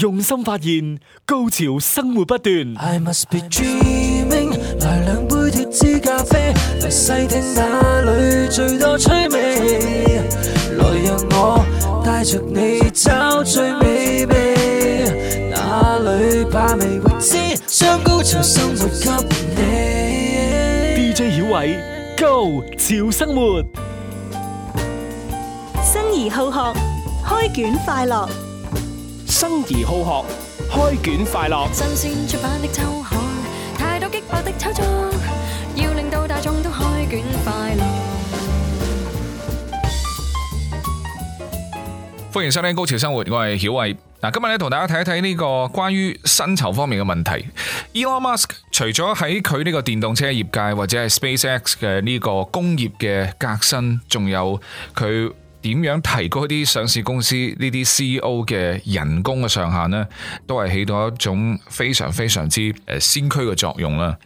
用心發現，高潮生活不斷。I must be dreaming，來兩杯脫脂咖啡，來細聽哪裏最多趣味。來讓我帶着你找最美味，哪裏怕未會知，將高潮生活給你。DJ 曉偉，高潮生活，生而好學，開卷快樂。生而好學，開卷快樂。新鮮出版的周刊，太多激爆的炒作，要令到大眾都開卷快樂。歡迎收聽《高潮生活》，我係曉偉。嗱，今日咧同大家睇一睇呢個關於薪酬方面嘅問題。Elon Musk 除咗喺佢呢個電動車業界或者係 SpaceX 嘅呢個工業嘅革新，仲有佢。點樣提高啲上市公司呢啲 CEO 嘅人工嘅上限呢？都係起到一種非常非常之誒先驅嘅作用啦。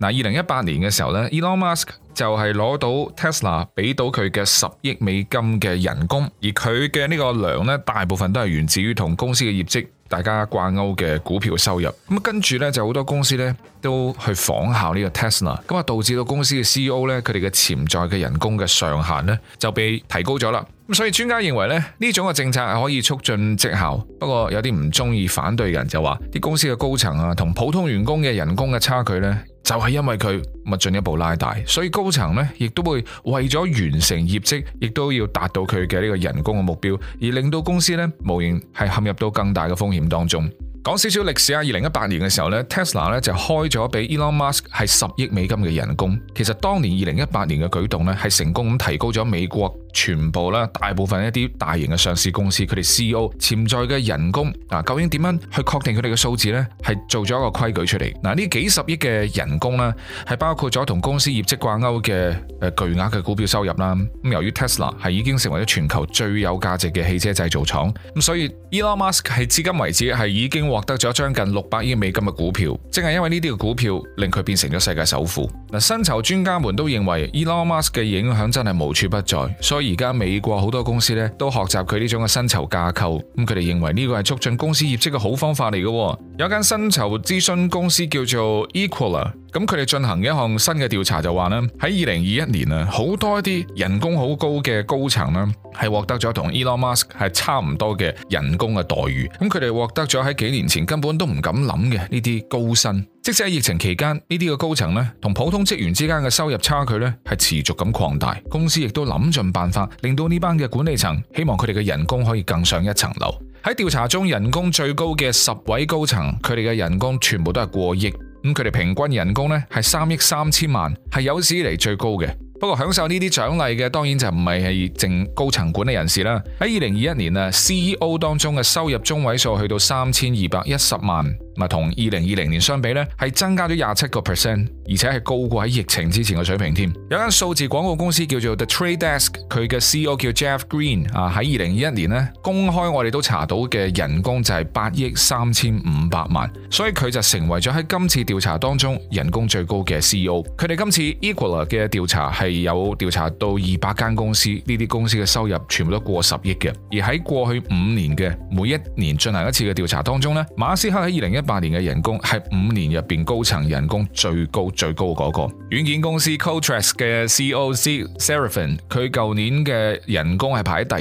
嗱，二零一八年嘅時候呢，Elon Musk。就係攞到 Tesla 俾到佢嘅十億美金嘅人工，而佢嘅呢個糧呢，大部分都係源自於同公司嘅業績，大家掛鈎嘅股票收入。咁跟住呢，就好多公司呢都去仿效呢個 Tesla，咁啊導致到公司嘅 CEO 呢，佢哋嘅潛在嘅人工嘅上限呢就被提高咗啦。咁所以專家認為呢，呢種嘅政策係可以促進績效，不過有啲唔中意反對人就話啲公司嘅高層啊同普通員工嘅人工嘅差距呢，就係因為佢咪進一步拉大，所以高層呢亦都會為咗完成業績，亦都要達到佢嘅呢個人工嘅目標，而令到公司呢無形係陷入到更大嘅風險當中。講少少歷史啊，二零一八年嘅時候呢 Tesla 呢就開咗俾 Elon Musk 係十億美金嘅人工。其實當年二零一八年嘅舉動呢，係成功咁提高咗美國。全部啦，大部分一啲大型嘅上市公司，佢哋 CEO 潛在嘅人工啊，究竟點樣去確定佢哋嘅數字呢？係做咗一個規矩出嚟嗱，呢幾十億嘅人工咧，係包括咗同公司業績掛鈎嘅巨額嘅股票收入啦。咁由於 Tesla 係已經成為咗全球最有價值嘅汽車製造廠，咁所以 Elon Musk 係至今為止係已經獲得咗將近六百億美金嘅股票，正係因為呢啲嘅股票令佢變成咗世界首富。嗱，薪酬專家們都認為 Elon Musk 嘅影響真係無處不在，所以。而家美國好多公司咧都學習佢呢種嘅薪酬架構，咁佢哋認為呢個係促進公司業績嘅好方法嚟嘅。有一間薪酬諮詢公司叫做 Equala。咁佢哋進行嘅一項新嘅調查就話呢喺二零二一年啊，好多一啲人工好高嘅高層啦，係獲得咗同 Elon Musk 係差唔多嘅人工嘅待遇。咁佢哋獲得咗喺幾年前根本都唔敢諗嘅呢啲高薪。即使喺疫情期間，呢啲嘅高層呢同普通職員之間嘅收入差距呢係持續咁擴大。公司亦都諗盡辦法，令到呢班嘅管理層希望佢哋嘅人工可以更上一層樓。喺調查中，人工最高嘅十位高層，佢哋嘅人工全部都係過億。咁佢哋平均人工咧，係三億三千萬，係有史以嚟最高嘅。不過享受呢啲獎勵嘅當然就唔係係淨高層管理人士啦。喺二零二一年啊，CEO 當中嘅收入中位數去到三千二百一十萬。同二零二零年相比，呢係增加咗廿七個 percent，而且係高過喺疫情之前嘅水平添。有間數字廣告公司叫做 The Trade Desk，佢嘅 CEO 叫 Jeff Green 啊，喺二零二一年呢，公開我哋都查到嘅人工就係八億三千五百萬，所以佢就成為咗喺今次調查當中人工最高嘅 CEO。佢哋今次 Equilar 嘅調查係有調查到二百間公司，呢啲公司嘅收入全部都過十億嘅，而喺過去五年嘅每一年進行一次嘅調查當中，呢馬斯克喺二零一八年嘅人工係五年入邊高層人工最高。最高嗰個軟件公司 Coltrate 嘅 CEO Serafin，佢舊年嘅人工係排喺第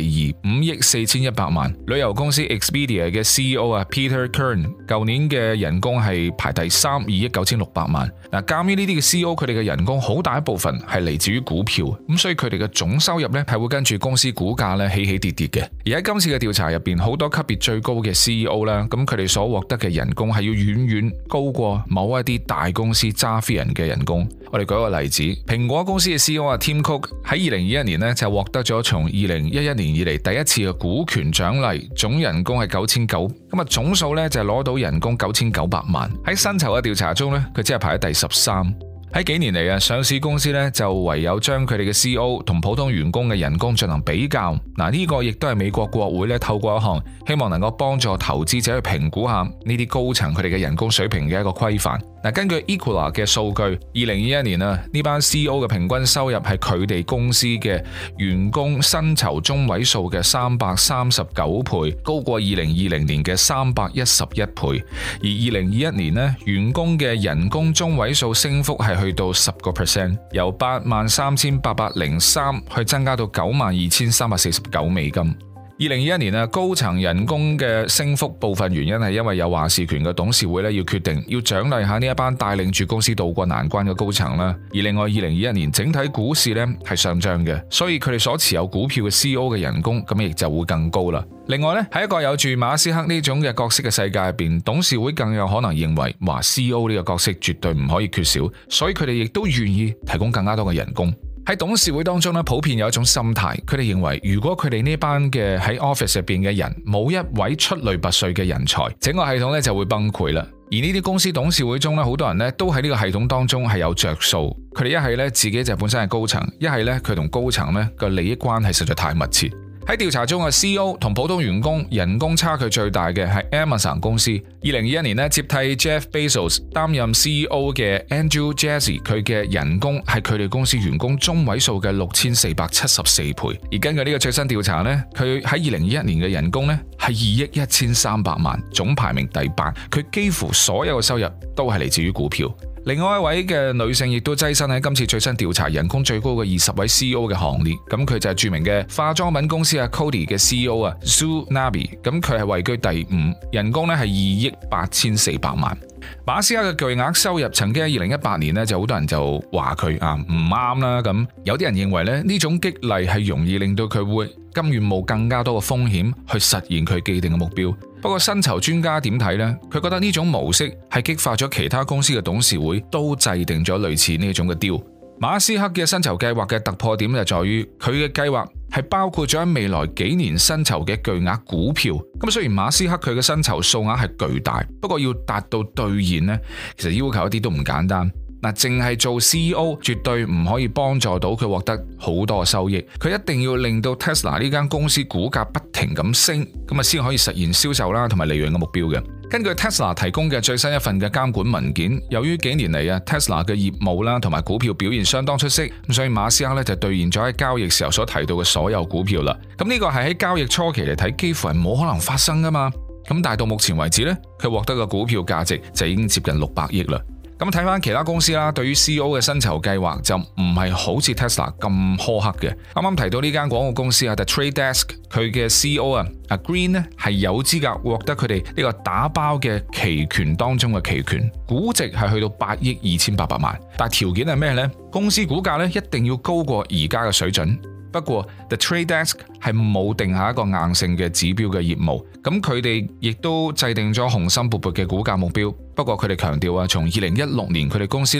二，五億四千一百萬。旅遊公司 Expedia 嘅 CEO 啊 Peter Kern，舊年嘅人工係排第三，二億九千六百萬。嗱，鑒於呢啲嘅 CEO，佢哋嘅人工好大一部分係嚟自於股票，咁所以佢哋嘅總收入呢係會跟住公司股價呢起起跌跌嘅。而喺今次嘅調查入邊，好多級別最高嘅 CEO 啦，咁佢哋所獲得嘅人工，係要遠遠高過某一啲大公司揸飛人嘅人工。我哋舉個例子，蘋果公司嘅 C E O 啊，Tim Cook 喺二零二一年呢就獲得咗從二零一一年以嚟第一次嘅股權獎勵，總人工係九千九，咁啊總數呢就攞到人工九千九百萬。喺薪酬嘅調查中呢，佢只係排喺第十三。喺幾年嚟啊，上市公司咧就唯有將佢哋嘅 CEO 同普通員工嘅人工進行比較。嗱，呢個亦都係美國國會咧透過一項，希望能夠幫助投資者去評估下呢啲高層佢哋嘅人工水平嘅一個規範。嗱，根據 Equilar 嘅數據，二零二一年啊，呢班 CEO 嘅平均收入係佢哋公司嘅員工薪酬中位數嘅三百三十九倍，高過二零二零年嘅三百一十一倍。而二零二一年呢，員工嘅人工中位數升幅係。去到十個 percent，由八萬三千八百零三去增加到九萬二千三百四十九美金。二零二一年啊，高層人工嘅升幅部分原因係因為有話事權嘅董事會咧要決定要獎勵下呢一班帶領住公司渡過難關嘅高層啦。而另外二零二一年整體股市咧係上漲嘅，所以佢哋所持有股票嘅 CEO 嘅人工咁亦就會更高啦。另外咧喺一個有住馬斯克呢種嘅角色嘅世界入邊，董事會更有可能認為話 CEO 呢個角色絕對唔可以缺少，所以佢哋亦都願意提供更加多嘅人工。喺董事會當中咧，普遍有一種心態，佢哋認為如果佢哋呢班嘅喺 office 入邊嘅人冇一位出類拔萃嘅人才，整個系統咧就會崩潰啦。而呢啲公司董事會中咧，好多人咧都喺呢個系統當中係有着數，佢哋一係咧自己就本身係高層，一係咧佢同高層嘅利益關係實在太密切。喺調查中，嘅 CEO 同普通員工人工差距最大嘅係 Amazon 公司。二零二一年咧接替 Jeff Bezos 擔任 CEO 嘅 Andrew Jassy，佢嘅人工係佢哋公司員工中位數嘅六千四百七十四倍。而根據呢個最新調查呢，佢喺二零二一年嘅人工呢係二億一千三百萬，總排名第八。佢幾乎所有嘅收入都係嚟自於股票。另外一位嘅女性亦都躋身喺今次最新調查人工最高嘅二十位 CEO 嘅行列，咁佢就係著名嘅化妝品公司啊 Cody 嘅 CEO 啊 Sue Nabi，咁佢係位居第五，人工咧係二億八千四百萬。馬斯克嘅巨額收入，曾經喺二零一八年咧，就好多人就話佢啊唔啱啦。咁有啲人認為咧，呢種激勵係容易令到佢會甘願冒更加多嘅風險去實現佢既定嘅目標。不過薪酬專家點睇呢？佢覺得呢種模式係激發咗其他公司嘅董事會都制定咗類似呢種嘅 deal。馬斯克嘅薪酬計劃嘅突破點就在於佢嘅計劃。係包括咗喺未來幾年薪酬嘅巨額股票，咁啊雖然馬斯克佢嘅薪酬數額係巨大，不過要達到兌現咧，其實要求一啲都唔簡單。嗱，淨係做 CEO 絕對唔可以幫助到佢獲得好多收益，佢一定要令到 Tesla 呢間公司股價不停咁升，咁啊先可以實現銷售啦同埋利潤嘅目標嘅。根據 Tesla 提供嘅最新一份嘅監管文件，由於幾年嚟啊 Tesla 嘅業務啦同埋股票表現相當出色，咁所以馬斯克咧就兌現咗喺交易時候所提到嘅所有股票啦。咁呢個係喺交易初期嚟睇，幾乎係冇可能發生噶嘛。咁但係到目前為止呢，佢獲得嘅股票價值就已經接近六百億啦。咁睇翻其他公司啦，對於 CEO 嘅薪酬計劃就唔係好似 Tesla 咁苛刻嘅。啱啱提到呢間廣告公司啊，The Trade Desk，佢嘅 CEO 啊 Green 呢，係有資格獲得佢哋呢個打包嘅期權當中嘅期權，估值係去到八億二千八百萬，但係條件係咩呢？公司股價咧一定要高過而家嘅水準。不過，The Trade Desk 係冇定下一個硬性嘅指標嘅業務，咁佢哋亦都制定咗雄心勃勃嘅股價目標。不過佢哋強調啊，從二零一六年佢哋公司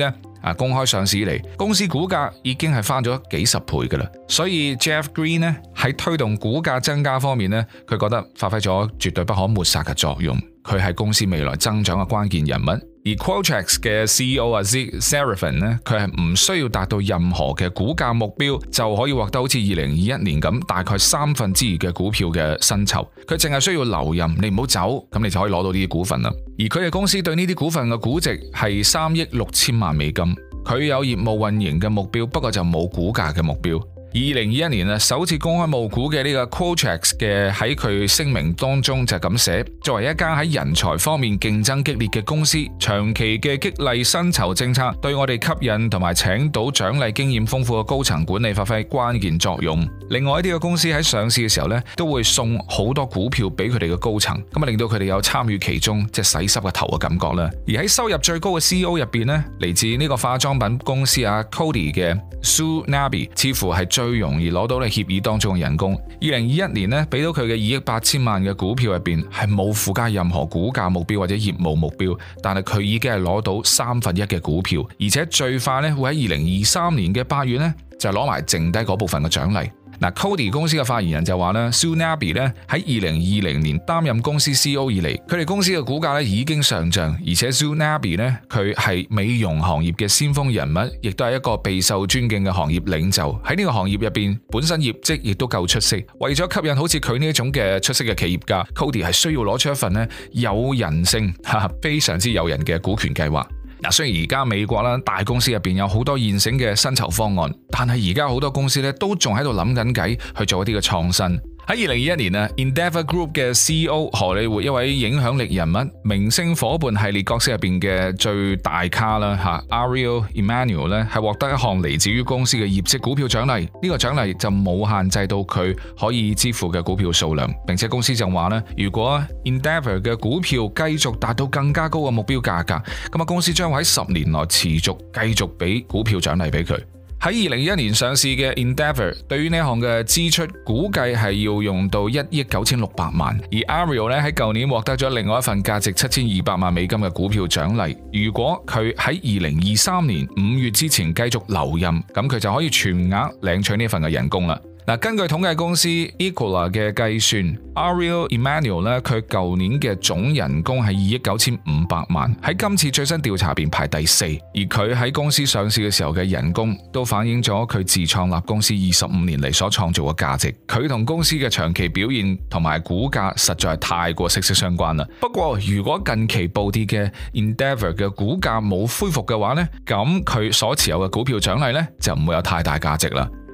公開上市以嚟，公司股價已經係翻咗幾十倍噶啦。所以 Jeff Green 咧，喺推動股價增加方面咧，佢覺得發揮咗絕對不可抹殺嘅作用，佢係公司未來增長嘅關鍵人物。而 Qualtrics 嘅 CEO 啊 Z Seraphin 咧，佢係唔需要達到任何嘅股價目標就可以獲得好似二零二一年咁大概三分之二嘅股票嘅薪酬，佢淨係需要留任，你唔好走，咁你就可以攞到呢啲股份啦。而佢哋公司對呢啲股份嘅估值係三億六千萬美金，佢有業務運營嘅目標，不過就冇股價嘅目標。二零二一年啊，首次公開募股嘅呢個 Qualtrics 嘅喺佢聲明當中就係咁寫：作為一家喺人才方面競爭激烈嘅公司，長期嘅激勵薪酬政策對我哋吸引同埋請到獎勵經驗豐富嘅高層管理發揮關鍵作用。另外呢個公司喺上市嘅時候咧，都會送好多股票俾佢哋嘅高層，咁啊令到佢哋有參與其中即係洗濕個頭嘅感覺啦。而喺收入最高嘅 CEO 入邊咧，嚟自呢個化妝品公司啊 Cody 嘅 Sue Nabi 似乎係最。最容易攞到你協議當中嘅人工，二零二一年咧俾到佢嘅二億八千萬嘅股票入邊係冇附加任何股價目標或者業務目標，但係佢已經係攞到三分一嘅股票，而且最快咧會喺二零二三年嘅八月呢，就攞埋剩低嗰部分嘅獎勵。Cody 公司嘅發言人就話呢 Su Nabi 咧喺二零二零年擔任公司 CEO 以嚟，佢哋公司嘅股價咧已經上漲，而且 Su Nabi 呢，佢係美容行業嘅先鋒人物，亦都係一個備受尊敬嘅行業領袖。喺呢個行業入邊，本身業績亦都夠出色。為咗吸引好似佢呢一種嘅出色嘅企業家，Cody 係需要攞出一份咧有人性、吓非常之誘人嘅股權計劃。嗱，雖然而家美國大公司入面有好多現成嘅薪酬方案，但係而家好多公司都仲喺度諗緊計去做一啲嘅創新。喺二零二一年啊，Endeavor Group 嘅 CEO、荷里活一位影響力人物、明星夥伴系列角色入邊嘅最大咖啦吓，Ariel Emanuel 咧，係獲得一項嚟自於公司嘅業績股票獎勵。呢個獎勵就冇限制到佢可以支付嘅股票數量，並且公司就話咧，如果 Endeavor 嘅股票繼續達到更加高嘅目標價格，咁啊公司將會喺十年內持續繼續俾股票獎勵俾佢。喺二零二一年上市嘅 Endeavour，對於呢項嘅支出估計係要用到一億九千六百萬，而 Ariel 呢，喺舊年獲得咗另外一份價值七千二百萬美金嘅股票獎勵。如果佢喺二零二三年五月之前繼續留任，咁佢就可以全額領取呢份嘅人工啦。根據統計公司 Equilar 嘅計算，Ariel Emanuel 佢舊年嘅總人工係二億九千五百萬，喺今次最新調查入便排第四。而佢喺公司上市嘅時候嘅人工，都反映咗佢自創立公司二十五年嚟所創造嘅價值。佢同公司嘅長期表現同埋股價，實在係太過息息相關啦。不過，如果近期暴跌嘅 Endeavor 嘅股價冇恢復嘅話呢，咁佢所持有嘅股票獎勵呢，就唔會有太大價值啦。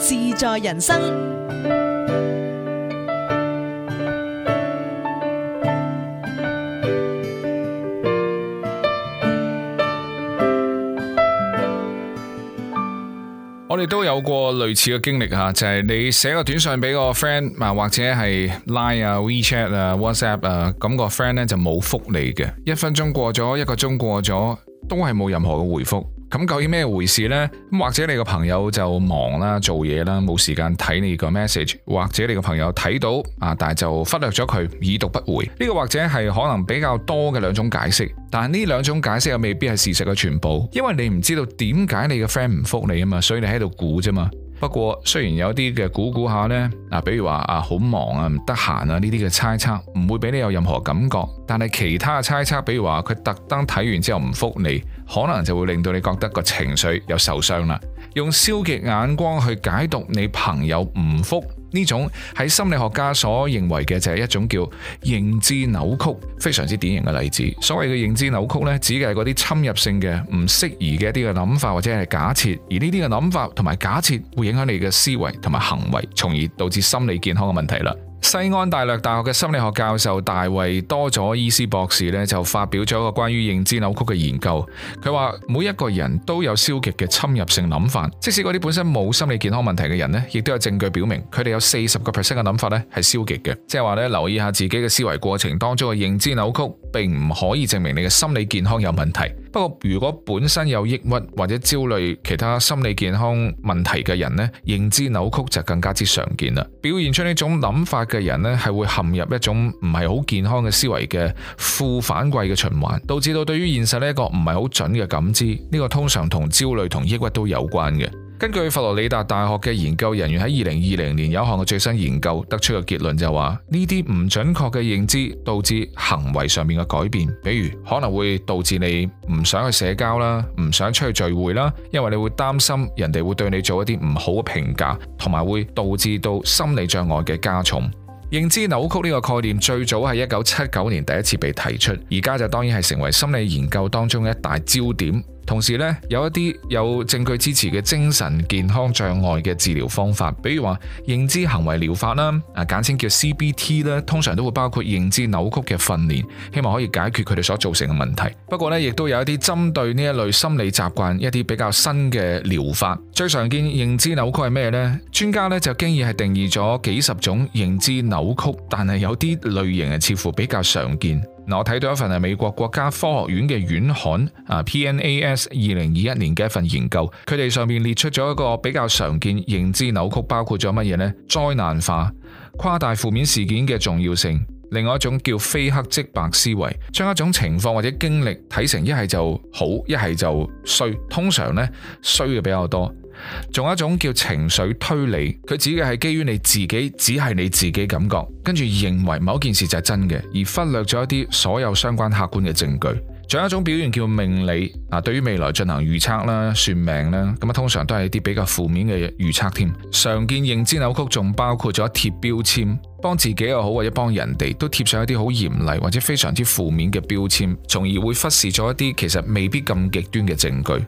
自在人生，我哋都有過類似嘅經歷吓，就係你寫個短信俾個 friend 啊，或者係 Line 啊、WeChat 啊、WhatsApp 啊，咁個 friend 呢就冇覆你嘅，一分鐘過咗，一個鐘過咗，都係冇任何嘅回覆。咁究竟咩回事呢？或者你個朋友就忙啦，做嘢啦，冇時間睇你個 message；或者你個朋友睇到啊，但係就忽略咗佢，已讀不回。呢個或者係可能比較多嘅兩種解釋。但係呢兩種解釋又未必係事實嘅全部，因為你唔知道點解你嘅 friend 唔覆你啊嘛，所以你喺度估啫嘛。不過雖然有啲嘅估估下呢，嗱，比如話啊好忙啊唔得閒啊呢啲嘅猜測，唔會俾你有任何感覺。但係其他嘅猜測，比如話佢特登睇完之後唔覆你，可能就會令到你覺得個情緒又受傷啦。用消極眼光去解讀你朋友唔覆呢種喺心理學家所認為嘅就係一種叫認知扭曲，非常之典型嘅例子。所謂嘅認知扭曲呢，指嘅係嗰啲侵入性嘅唔適宜嘅一啲嘅諗法或者係假設，而呢啲嘅諗法同埋假設會影響你嘅思維同埋行為，從而導致心理健康嘅問題啦。西安大略大學嘅心理學教授大衛多佐伊斯博士呢，就發表咗一個關於認知扭曲嘅研究。佢話，每一個人都有消極嘅侵入性諗法，即使嗰啲本身冇心理健康問題嘅人呢，亦都有證據表明佢哋有四十個 percent 嘅諗法呢係消極嘅。即係話，呢留意下自己嘅思維過程當中嘅認知扭曲，並唔可以證明你嘅心理健康有問題。不過，如果本身有抑鬱或者焦慮其他心理健康問題嘅人呢，認知扭曲就更加之常見啦。表現出呢種諗法嘅人呢，係會陷入一種唔係好健康嘅思維嘅負反饋嘅循環，導致到對於現實呢一個唔係好準嘅感知。呢個通常同焦慮同抑鬱都有關嘅。根據佛羅里達大學嘅研究人員喺二零二零年有一項嘅最新研究得出嘅結論就係話，呢啲唔準確嘅認知導致行為上面嘅改變，比如可能會導致你唔想去社交啦，唔想出去聚會啦，因為你會擔心人哋會對你做一啲唔好嘅評價，同埋會導致到心理障礙嘅加重。認知扭曲呢個概念最早喺一九七九年第一次被提出，而家就當然係成為心理研究當中嘅一大焦點。同時咧，有一啲有證據支持嘅精神健康障礙嘅治療方法，比如話認知行為療法啦，啊簡稱叫 CBT 啦，通常都會包括認知扭曲嘅訓練，希望可以解決佢哋所造成嘅問題。不過咧，亦都有一啲針對呢一類心理習慣一啲比較新嘅療法。最常見認知扭曲係咩呢？專家咧就經已係定義咗幾十種認知扭曲，但係有啲類型係似乎比較常見。我睇到一份係美國國家科學院嘅院刊啊，PNAS 二零二一年嘅一份研究，佢哋上面列出咗一個比較常見認知扭曲，包括咗乜嘢呢？災難化、誇大負面事件嘅重要性，另外一種叫非黑即白思維，將一種情況或者經歷睇成一係就好，一係就衰，通常呢，衰嘅比較多。仲有一種叫情緒推理，佢指嘅係基於你自己，只係你自己感覺，跟住認為某件事就係真嘅，而忽略咗一啲所有相關客觀嘅證據。仲有一種表現叫命理，嗱，對於未來進行預測啦、算命啦，咁啊，通常都係一啲比較負面嘅預測添。常見認知扭曲仲包括咗貼標籤。幫自己又好或者幫人哋都貼上一啲好嚴厲或者非常之負面嘅標籤，從而會忽視咗一啲其實未必咁極端嘅證據。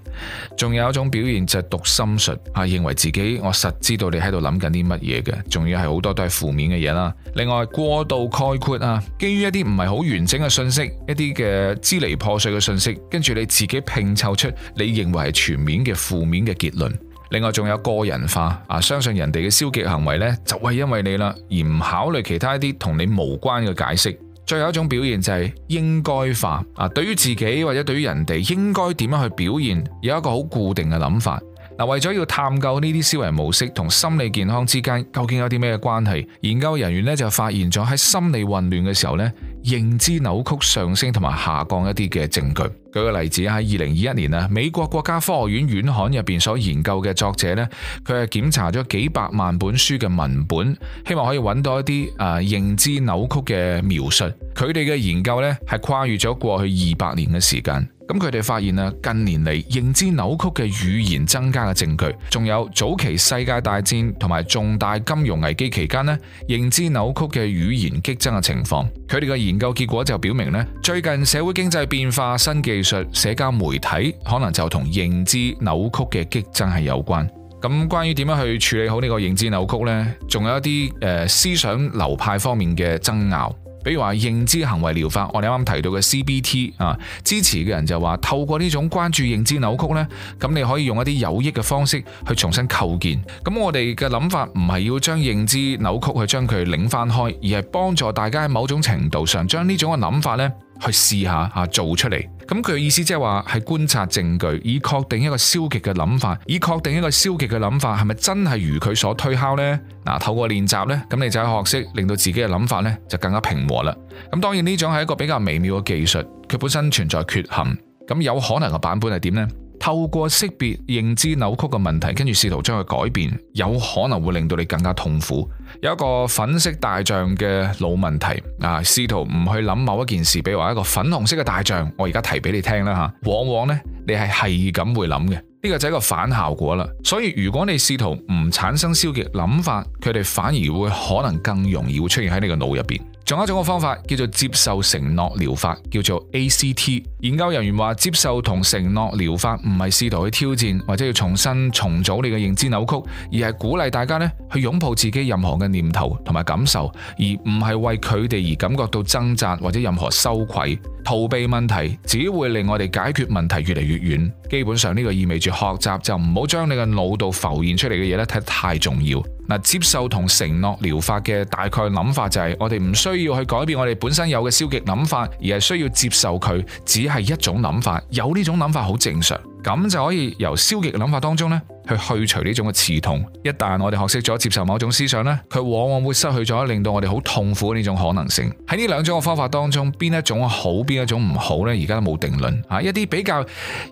仲有一種表現就係讀心術，啊認為自己我實知道你喺度諗緊啲乜嘢嘅。仲要係好多都係負面嘅嘢啦。另外過度概括啊，基於一啲唔係好完整嘅信息，一啲嘅支離破碎嘅信息，跟住你自己拼湊出你認為係全面嘅負面嘅結論。另外仲有個人化啊，相信人哋嘅消極行為呢，就係因為你啦，而唔考慮其他一啲同你無關嘅解釋。最後一種表現就係應該化啊，對於自己或者對於人哋應該點樣去表現，有一個好固定嘅諗法。嗱，為咗要探究呢啲思維模式同心理健康之間究竟有啲咩關係，研究人員呢就發現咗喺心理混亂嘅時候呢，認知扭曲上升同埋下降一啲嘅證據。舉個例子，喺二零二一年啊，美國國家科學院院刊入邊所研究嘅作者呢，佢係檢查咗幾百萬本書嘅文本，希望可以揾到一啲誒、呃、認知扭曲嘅描述。佢哋嘅研究呢係跨越咗過去二百年嘅時間。咁佢哋發現啊，近年嚟認知扭曲嘅語言增加嘅證據，仲有早期世界大戰同埋重大金融危機期間咧，認知扭曲嘅語言激增嘅情況。佢哋嘅研究結果就表明咧，最近社會經濟變化、新技術、社交媒體，可能就同認知扭曲嘅激增係有關。咁關於點樣去處理好呢個認知扭曲呢？仲有一啲誒、呃、思想流派方面嘅爭拗。比如話認知行為療法，我哋啱啱提到嘅 CBT 啊，支持嘅人就話透過呢種關注認知扭曲呢，咁你可以用一啲有益嘅方式去重新構建。咁我哋嘅諗法唔係要將認知扭曲去將佢擰翻開，而係幫助大家喺某種程度上將呢種嘅諗法呢去試下吓做出嚟。咁佢嘅意思即係話，係觀察證據，以確定一個消極嘅諗法，以確定一個消極嘅諗法係咪真係如佢所推敲呢？嗱，透過練習呢，咁你就學識令到自己嘅諗法呢就更加平和啦。咁當然呢種係一個比較微妙嘅技術，佢本身存在缺陷。咁有可能嘅版本係點呢？透過識別認知扭曲嘅問題，跟住試圖將佢改變，有可能會令到你更加痛苦。有一個粉色大象嘅腦問題啊，試圖唔去諗某一件事，比如話一個粉紅色嘅大象，我而家提俾你聽啦吓、啊。往往呢，你係係咁會諗嘅，呢、呢個就係個反效果啦。所以如果你試圖唔產生消極諗法，佢哋反而會可能更容易會出現喺你個腦入邊。仲有一種嘅方法叫做接受承諾療法，叫做 ACT。研究人員話，接受同承諾療法唔係試圖去挑戰或者要重新重組你嘅認知扭曲，而係鼓勵大家咧去擁抱自己任何嘅念頭同埋感受，而唔係為佢哋而感覺到掙扎或者任何羞愧。逃避問題只會令我哋解決問題越嚟越遠。基本上呢個意味住學習就唔好將你嘅腦度浮現出嚟嘅嘢咧睇得太重要。接受同承諾療法嘅大概諗法就係，我哋唔需要去改變我哋本身有嘅消極諗法，而係需要接受佢，只係一種諗法。有呢種諗法好正常。咁就可以由消極嘅諗法當中咧，去去除呢種嘅刺痛。一旦我哋學識咗接受某種思想咧，佢往往會失去咗令到我哋好痛苦嘅呢種可能性。喺呢兩種嘅方法當中，邊一種好，邊一種唔好咧？而家都冇定論啊！一啲比較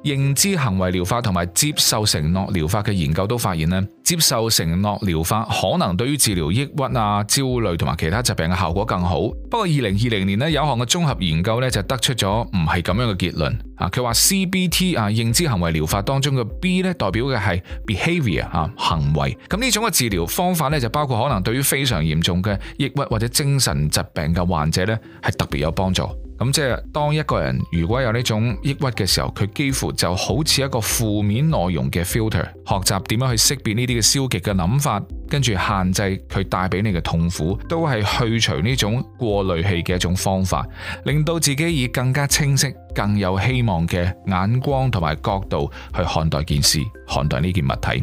認知行為療法同埋接受承諾療法嘅研究都發現咧，接受承諾療法可能對於治療抑鬱啊、焦慮同埋其他疾病嘅效果更好。不過二零二零年咧有一項嘅綜合研究咧就得出咗唔係咁樣嘅結論啊！佢話 CBT 啊，認知行為為療法當中嘅 B 咧，代表嘅係 behavior 啊行為。咁呢種嘅治療方法咧，就包括可能對於非常嚴重嘅抑鬱或者精神疾病嘅患者咧，係特別有幫助。咁即係，當一個人如果有呢種抑鬱嘅時候，佢幾乎就好似一個負面內容嘅 filter，學習點樣去識別呢啲嘅消極嘅諗法。跟住限制佢帶俾你嘅痛苦，都係去除呢種過濾器嘅一種方法，令到自己以更加清晰、更有希望嘅眼光同埋角度去看待件事，看待呢件物體。